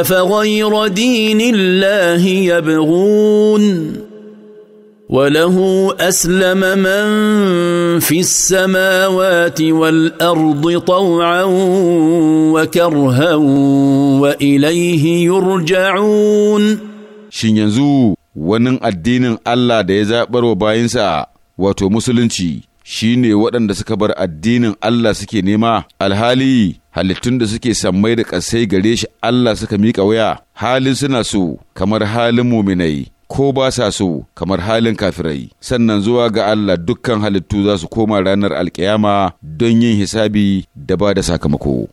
افغير دين الله يبغون وله اسلم من في السماوات والارض طوعا وكرها واليه يرجعون shin yanzu wani addinin Allah da ya zaɓar wa bayansa wato musulunci shine waɗanda suka bar addinin Allah suke nema alhali halittun da suke sammai da ƙasai gare shi Allah suka miƙa waya halin suna so kamar halin muminai ko ba sa so kamar halin kafirai sannan zuwa ga Allah dukkan halittu za su koma ranar alkiyama don yin hisabi da ba da sakamako